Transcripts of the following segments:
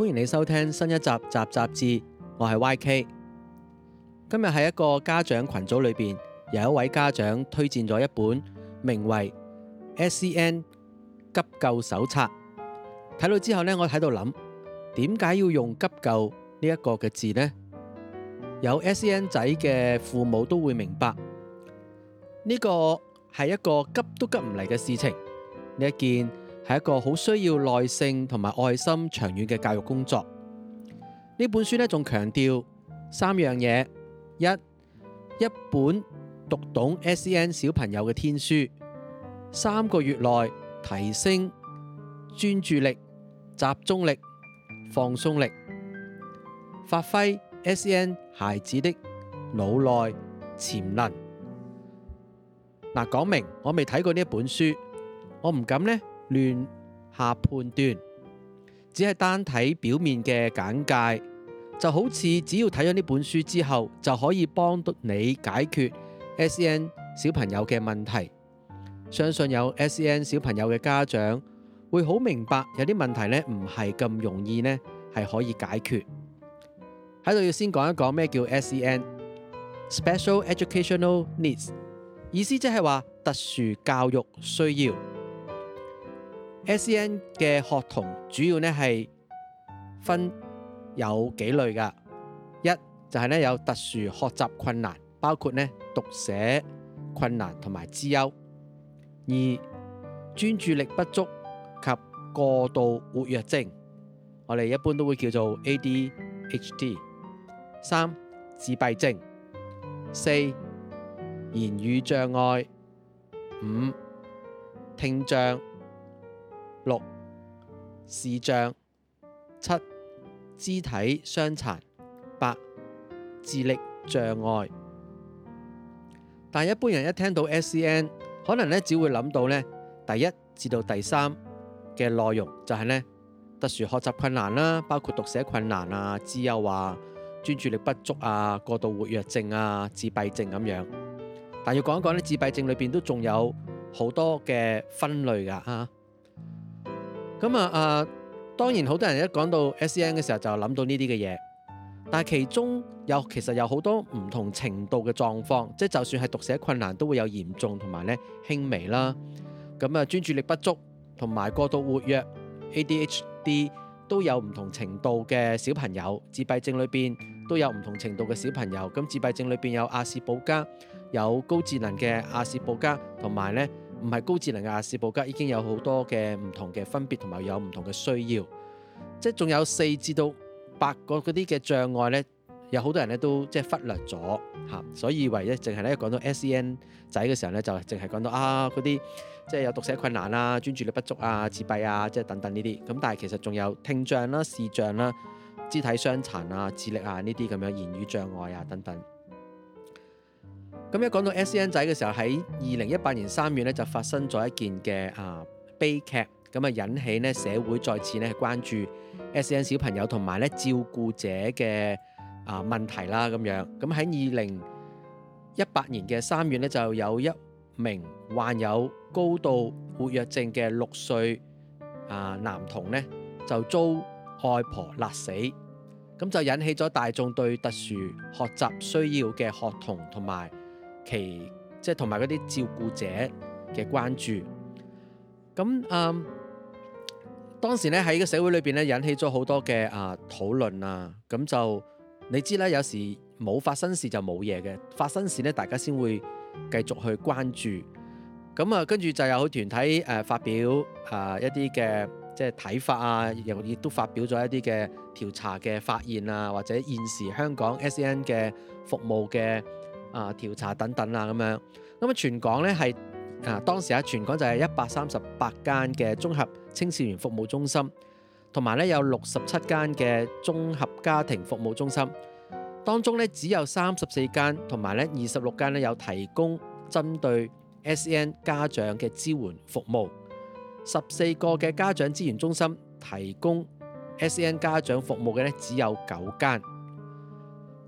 歡迎你收聽新一集《集雜誌》集，我係 YK。今日喺一個家長群組裏邊，有一位家長推薦咗一本名為《SCN 急救手冊》。睇到之後呢，我喺度諗，點解要用急救呢一個嘅字呢？有 SCN 仔嘅父母都會明白，呢、呢個係一個急都急唔嚟嘅事情，呢一件。係一個好需要耐性同埋愛心、長遠嘅教育工作。呢本書呢，仲強調三樣嘢：一一本讀懂 S.E.N 小朋友嘅天書，三個月內提升專注力、集中力、放鬆力，發揮 S.E.N 孩子的腦內潛能。嗱，講明我未睇過呢一本書，我唔敢呢。亂下判斷，只係單睇表面嘅簡介，就好似只要睇咗呢本書之後，就可以幫到你解決 S E N 小朋友嘅問題。相信有 S E N 小朋友嘅家長會好明白，有啲問題呢唔係咁容易呢係可以解決。喺度要先講一講咩叫 S E N（Special Educational Needs），意思即係話特殊教育需要。S.E.N. 嘅學童主要咧係分有幾類㗎，一就係、是、有特殊學習困難，包括呢讀寫困難同埋資優；二專注力不足及過度活躍症，我哋一般都會叫做 A.D.H.D.；三自閉症；四言語障礙；五聽障。六視障，七肢體傷殘，八智力障礙。但一般人一聽到 SCN，可能咧只會諗到咧第一至到第三嘅內容，就係咧特殊學習困難啦，包括讀寫困難啊、資優啊、專注力不足啊、過度活躍症啊、自閉症咁樣。但要講一講咧，自閉症裏邊都仲有好多嘅分類噶啊。咁啊，誒、呃、當然好多人一講到 SCN 嘅時候就諗到呢啲嘅嘢，但係其中有其實有好多唔同程度嘅狀況，即係就算係讀寫困難都會有嚴重同埋咧輕微啦。咁啊，專注力不足同埋過度活躍，A.D.H.D. 都有唔同程度嘅小朋友，自閉症裏邊都有唔同程度嘅小朋友。咁自閉症裏邊有亞士保加，有高智能嘅亞士保加，同埋咧。唔係高智能嘅亞氏保加已經有好多嘅唔同嘅分別同埋有唔同嘅需要，即仲有四至到八個嗰啲嘅障礙呢有好多人呢都即係忽略咗吓，所以唯一咧淨係咧講到 SEN 仔嘅時候呢，就淨係講到啊嗰啲即係有讀寫困難啊、專注力不足啊、自閉啊即係等等呢啲，咁但係其實仲有聽障啦、視障啦、肢體傷殘啊、智力啊呢啲咁樣言語障礙啊等等。咁一講到 S. E. N. 仔嘅時候，喺二零一八年三月咧就發生咗一件嘅啊悲劇，咁啊引起咧社會再次咧關注 S. E. N. 小朋友同埋咧照顧者嘅啊問題啦。咁樣咁喺二零一八年嘅三月咧就有一名患有高度活躍症嘅六歲啊男童咧就遭外婆勒死，咁就引起咗大眾對特殊學習需要嘅學童同埋其即係同埋嗰啲照顧者嘅關注，咁啊、嗯，當時咧喺個社會裏邊咧引起咗好多嘅啊討論啊，咁就你知啦，有時冇發生事就冇嘢嘅，發生事咧大家先會繼續去關注，咁啊，跟住就有個團體誒、呃、發表啊一啲嘅即係睇法啊，亦亦都發表咗一啲嘅調查嘅發現啊，或者現時香港 S.N. 嘅服務嘅。啊，調查等等啦，咁樣咁啊，全港咧係啊，當時啊，全港就係一百三十八間嘅綜合青少年服務中心，同埋咧有六十七間嘅綜合家庭服務中心，當中咧只有三十四間，同埋咧二十六間咧有提供針對 SEN 家長嘅支援服務，十四個嘅家長資源中心提供 SEN 家長服務嘅咧只有九間，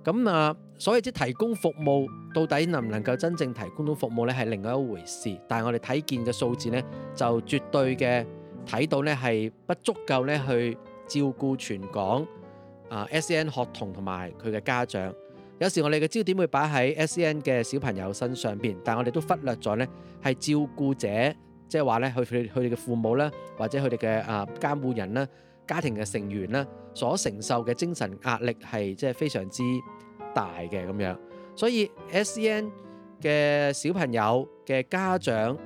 咁、嗯、啊。所以，即提供服務到底能唔能夠真正提供到服務咧，係另外一回事。但係我哋睇見嘅數字咧，就絕對嘅睇到咧係不足夠咧去照顧全港啊 SEN 學童同埋佢嘅家長。有時我哋嘅焦點會擺喺 SEN 嘅小朋友身上邊，但係我哋都忽略咗咧係照顧者，即係話咧佢佢佢哋嘅父母咧，或者佢哋嘅啊監護人咧，家庭嘅成員咧所承受嘅精神壓力係即係非常之大嘅咁樣，所以 SEN 嘅小朋友嘅家長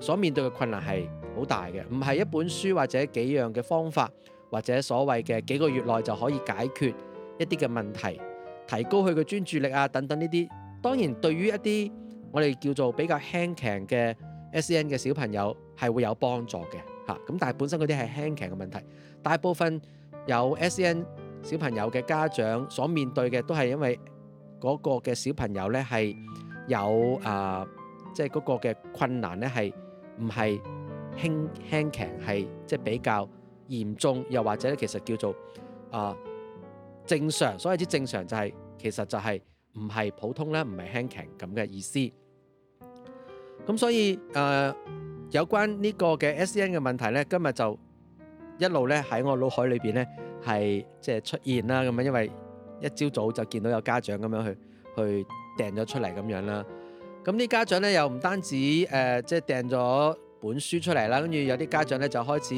所面對嘅困難係好大嘅，唔係一本書或者幾樣嘅方法或者所謂嘅幾個月內就可以解決一啲嘅問題，提高佢嘅專注力啊等等呢啲。當然，對於一啲我哋叫做比較輕強嘅 SEN 嘅小朋友係會有幫助嘅吓。咁但係本身嗰啲係輕強嘅問題，大部分有 SEN 小朋友嘅家長所面對嘅都係因為嗰個嘅小朋友呢係有啊，即係嗰個嘅困難呢係唔係輕輕強，係即係比較嚴重，又或者其實叫做啊、呃、正常，所謂之正常就係、是、其實就係唔係普通咧，唔係輕強咁嘅意思。咁所以誒、呃，有關呢個嘅 SEN 嘅問題呢，今日就一路呢喺我腦海裏邊呢。係即係出現啦咁樣，因為一朝早就見到有家長咁樣去去訂咗出嚟咁樣啦。咁啲家長咧又唔單止誒即係訂咗本書出嚟啦，跟住有啲家長咧就開始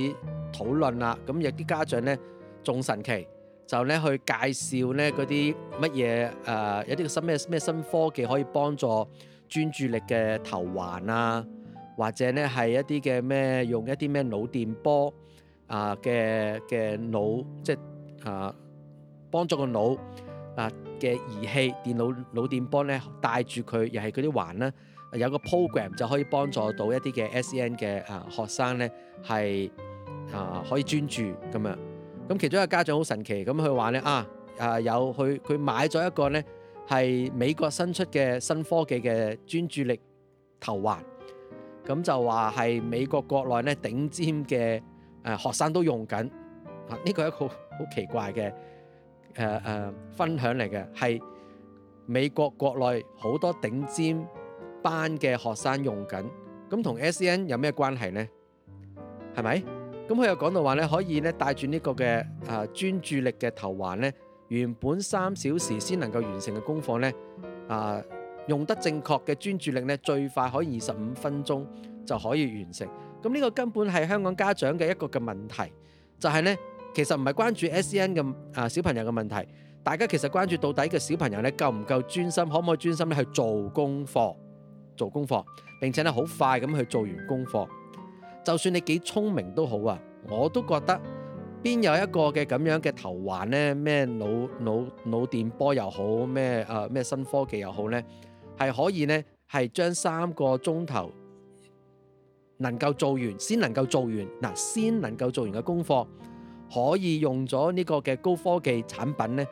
討論啦。咁有啲家長咧仲神奇，就咧去介紹咧嗰啲乜嘢誒，有啲新咩咩新科技可以幫助專注力嘅頭環啊，或者咧係一啲嘅咩用一啲咩腦電波。啊嘅嘅腦，即係啊幫助個腦啊嘅儀器電腦腦電波咧，帶住佢又係嗰啲環咧，有個 program 就可以幫助到一啲嘅 S.E.N. 嘅啊學生咧係啊可以專注咁樣。咁其中一個家長好神奇咁，佢話咧啊啊有佢佢買咗一個咧係美國新出嘅新科技嘅專注力頭環，咁就話係美國國內咧頂尖嘅。誒學生都用緊，啊、這、呢個一個好奇怪嘅誒誒分享嚟嘅，係美國國內好多頂尖班嘅學生用緊，咁同 SEN 有咩關係呢？係咪？咁佢又講到話咧，可以咧帶住呢個嘅誒專注力嘅頭環咧，原本三小時先能夠完成嘅功課咧，啊、呃、用得正確嘅專注力咧，最快可以二十五分鐘就可以完成。咁呢個根本係香港家長嘅一個嘅問題，就係呢。其實唔係關注 S.E.N. 嘅啊小朋友嘅問題，大家其實關注到底嘅小朋友呢夠唔夠專心，可唔可以專心去做功課，做功課，並且呢好快咁去做完功課。就算你幾聰明都好啊，我都覺得邊有一個嘅咁樣嘅頭環呢？咩腦腦腦電波又好，咩啊咩新科技又好呢？係可以呢，係將三個鐘頭。能夠做完先，能夠做完嗱，先能夠做完嘅功課，可以用咗呢個嘅高科技產品呢，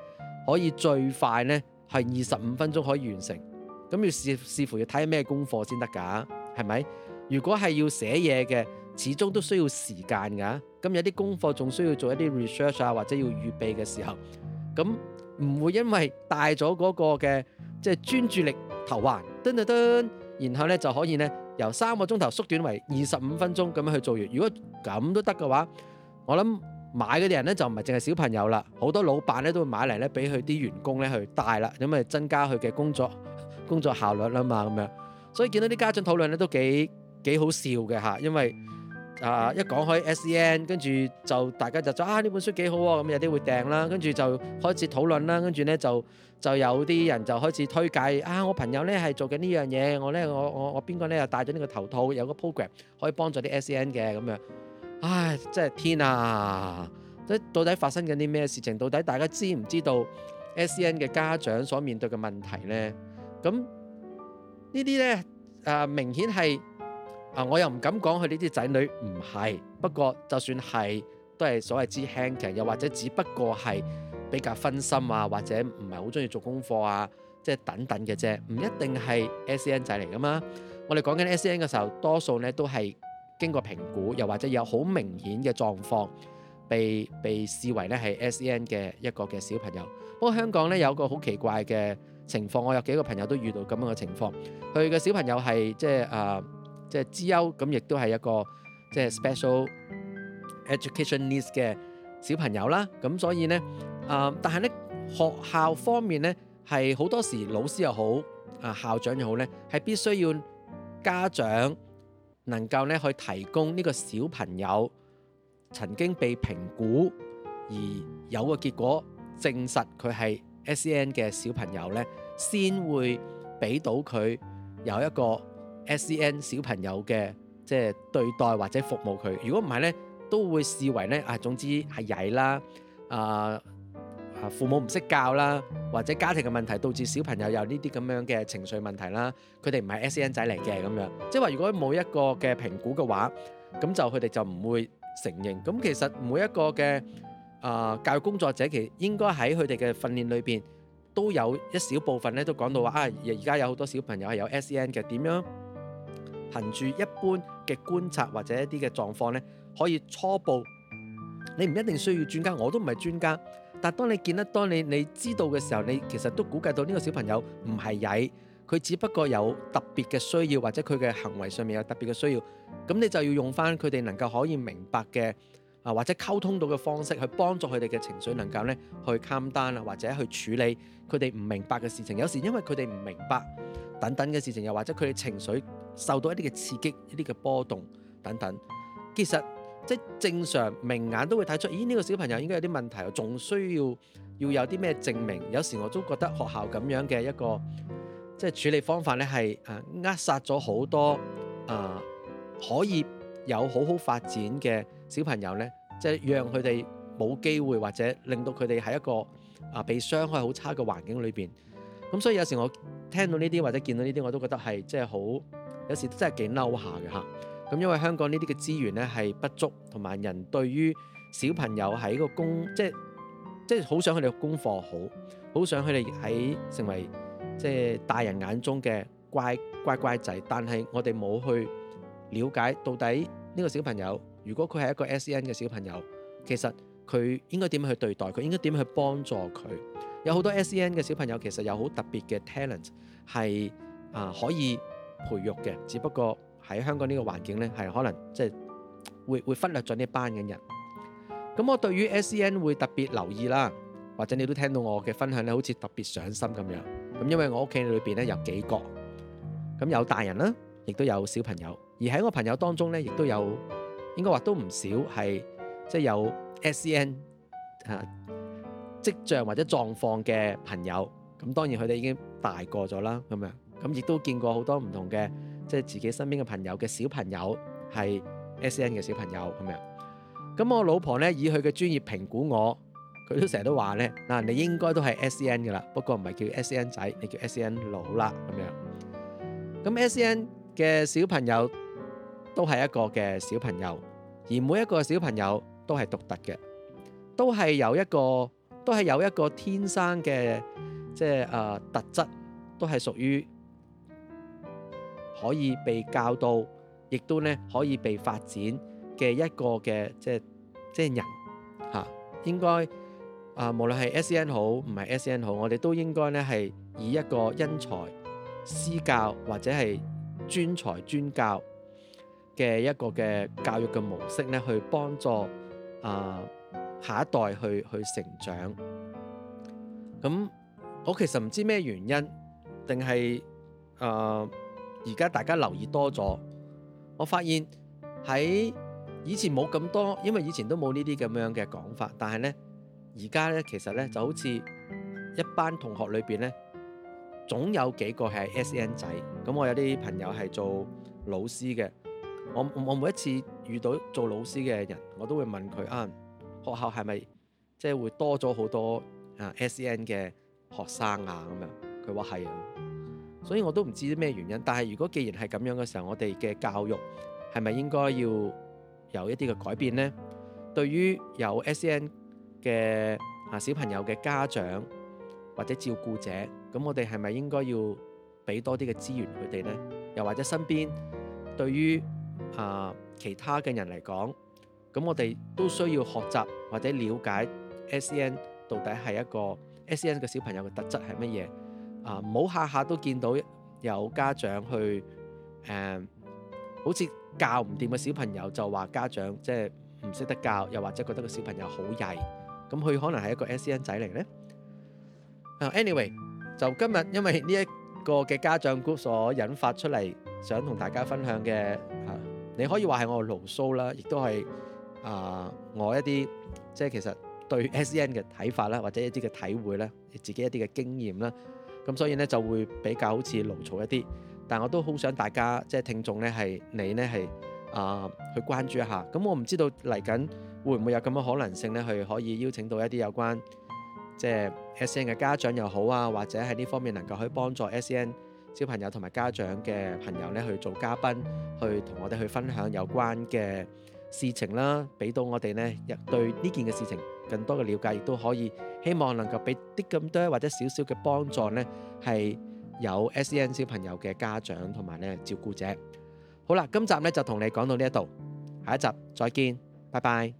可以最快呢係二十五分鐘可以完成。咁要視，視乎要睇咩功課先得噶，係咪？如果係要寫嘢嘅，始終都需要時間噶。咁有啲功課仲需要做一啲 research 啊，或者要預備嘅時候，咁唔會因為帶咗嗰個嘅即係專注力頭環，噔噔噔，然後呢就可以呢。由三個鐘頭縮短為二十五分鐘咁樣去做完，如果咁都得嘅話，我諗買嗰啲人咧就唔係淨係小朋友啦，好多老闆咧都會買嚟咧俾佢啲員工咧去帶啦，咁咪增加佢嘅工作工作效率啦嘛，咁樣，所以見到啲家長討論咧都幾幾好笑嘅嚇，因為。啊！一講開 s c n 跟住就大家就做啊！呢本書幾好喎，咁有啲會訂啦，跟住就開始討論啦，跟住咧就就有啲人就開始推介啊！我朋友咧係做緊呢樣嘢，我咧我我我邊個咧又戴咗呢帶個頭套，有個 program 可以幫助啲 s c n 嘅咁樣。唉！真係天啊！即到底發生緊啲咩事情？到底大家知唔知道 s c n 嘅家長所面對嘅問題咧？咁呢啲咧誒明顯係。啊！我又唔敢講佢呢啲仔女唔係，不過就算係都係所謂之輕嘅，其實，又或者只不過係比較分心啊，或者唔係好鍾意做功課啊，即係等等嘅啫，唔一定係 S.E.N. 仔嚟㗎嘛。我哋講緊 S.E.N. 嘅時候，多數呢都係經過評估，又或者有好明顯嘅狀況，被被視為咧係 S.E.N. 嘅一個嘅小朋友。不過香港呢，有個好奇怪嘅情況，我有幾個朋友都遇到咁樣嘅情況，佢嘅小朋友係即即係資優咁，亦都係一個即係 special education needs 嘅小朋友啦。咁所以呢，誒、嗯，但係呢，學校方面呢，係好多時老師又好，啊校長又好呢，係必須要家長能夠呢去提供呢個小朋友曾經被評估而有個結果證實佢係 SEN 嘅小朋友呢，先會俾到佢有一個。S.E.N. 小朋友嘅即係對待或者服務佢，如果唔係咧，都會視為咧啊。總之係曳啦，啊啊父母唔識教啦，或者家庭嘅問題導致小朋友有呢啲咁樣嘅情緒問題啦。佢哋唔係 S.E.N. 仔嚟嘅咁樣，即係話如果冇一個嘅評估嘅話，咁就佢哋就唔會承認。咁其實每一個嘅啊教育工作者，其實應該喺佢哋嘅訓練裏邊都有一小部分咧，都講到話啊，而家有好多小朋友係有 S.E.N. 嘅點樣。憑住一般嘅觀察或者一啲嘅狀況呢，可以初步，你唔一定需要專家，我都唔係專家。但係當你見得，當你你知道嘅時候，你其實都估計到呢個小朋友唔係曳，佢只不過有特別嘅需要，或者佢嘅行為上面有特別嘅需要。咁你就要用翻佢哋能夠可以明白嘅啊，或者溝通到嘅方式去幫助佢哋嘅情緒，能夠呢去 calm down 啊，或者去處理佢哋唔明白嘅事情。有時因為佢哋唔明白等等嘅事情，又或者佢哋情緒，受到一啲嘅刺激、一啲嘅波動等等，其實，即正常明眼都會睇出，咦？呢個小朋友應該有啲問題，仲需要要有啲咩證明？有時我都覺得學校咁樣嘅一個即係處理方法呢，係誒扼殺咗好多啊、呃、可以有好好發展嘅小朋友呢，即係讓佢哋冇機會或者令到佢哋喺一個啊、呃、被傷害好差嘅環境裏邊，咁所以有時我聽到呢啲或者見到呢啲，我都覺得係即係好。有時真係幾嬲下嘅嚇，咁因為香港呢啲嘅資源呢係不足，同埋人對於小朋友喺個功即係即係好想佢哋功課好，好想佢哋喺成為即係大人眼中嘅乖乖乖仔。但係我哋冇去了解到底呢個小朋友，如果佢係一個 S.E.N 嘅小朋友，其實佢應該點樣去對待佢，佢應該點樣去幫助佢。有好多 S.E.N 嘅小朋友其實有好特別嘅 talent，係啊、呃、可以。培育嘅，只不過喺香港呢個環境呢，係可能即係、就是、會會忽略咗呢一班嘅人。咁我對於 SEN 會特別留意啦，或者你都聽到我嘅分享咧，好似特別上心咁樣。咁因為我屋企裏邊咧有幾個，咁有大人啦，亦都有小朋友。而喺我朋友當中呢，亦都有應該話都唔少係即係有 SEN 吓、啊、跡象或者狀況嘅朋友。咁當然佢哋已經大個咗啦，咁樣。咁亦都見過好多唔同嘅，即係自己身邊嘅朋友嘅小朋友係 S.N. 嘅小朋友咁樣。咁我老婆呢，以佢嘅專業評估我，佢都成日都話呢：「嗱，你應該都係 S.N. 噶啦，不過唔係叫 S.N. 仔，你叫 S.N. 佬好啦咁樣。咁 S.N. 嘅小朋友都係一個嘅小朋友，而每一個小朋友都係獨特嘅，都係有一個，都係有一個天生嘅即係誒、呃、特質，都係屬於。可以被教導，亦都咧可以被發展嘅一個嘅即係即係人嚇、啊，應該啊、呃，無論係 S.N 好唔係 S.N 好，我哋都應該咧係以一個因材施教或者係專才專教嘅一個嘅教育嘅模式咧，去幫助啊、呃、下一代去去成長。咁我其實唔知咩原因，定係啊？呃而家大家留意多咗，我發現喺以前冇咁多，因為以前都冇呢啲咁樣嘅講法。但係呢，而家呢，其實呢，就好似一班同學裏邊呢，總有幾個係 SN 仔。咁我有啲朋友係做老師嘅，我我每一次遇到做老師嘅人，我都會問佢啊，學校係咪即係會多咗好多啊 SN 嘅學生啊咁樣？佢話係啊。所以我都唔知啲咩原因，但係如果既然係咁樣嘅時候，我哋嘅教育係咪應該要有一啲嘅改變呢？對於有 SEN 嘅啊小朋友嘅家長或者照顧者，咁我哋係咪應該要俾多啲嘅資源佢哋呢？又或者身邊對於啊、呃、其他嘅人嚟講，咁我哋都需要學習或者了解 SEN 到底係一個 SEN 嘅小朋友嘅特質係乜嘢？啊！唔好下下都見到有家長去誒，好似教唔掂嘅小朋友就話家長即係唔識得教，又或者覺得個小朋友好曳咁，佢可能係一個 SEN 仔嚟咧。啊，anyway，就今日因為呢一個嘅家長 group 所引發出嚟，想同大家分享嘅，你可以話係我嘅牢騷啦，亦都係啊，我一啲即係其實對 SEN 嘅睇法啦，或者一啲嘅體會啦，自己一啲嘅經驗啦。咁所以咧就會比較好似牢嘈一啲，但我都好想大家即係、就是、聽眾咧係你咧係啊去關注一下。咁、嗯、我唔知道嚟緊會唔會有咁嘅可能性咧，去可以邀請到一啲有關即係、就是、S.N. 嘅家長又好啊，或者喺呢方面能夠去幫助 S.N. 小朋友同埋家長嘅朋友咧去做嘉賓，去同我哋去分享有關嘅事情啦，俾到我哋咧對呢件嘅事情。更多嘅了解，亦都可以，希望能夠俾啲咁多或者少少嘅幫助呢，係有 SEN 小朋友嘅家長同埋呢照顧者。好啦，今集呢就同你講到呢一度，下一集再見，拜拜。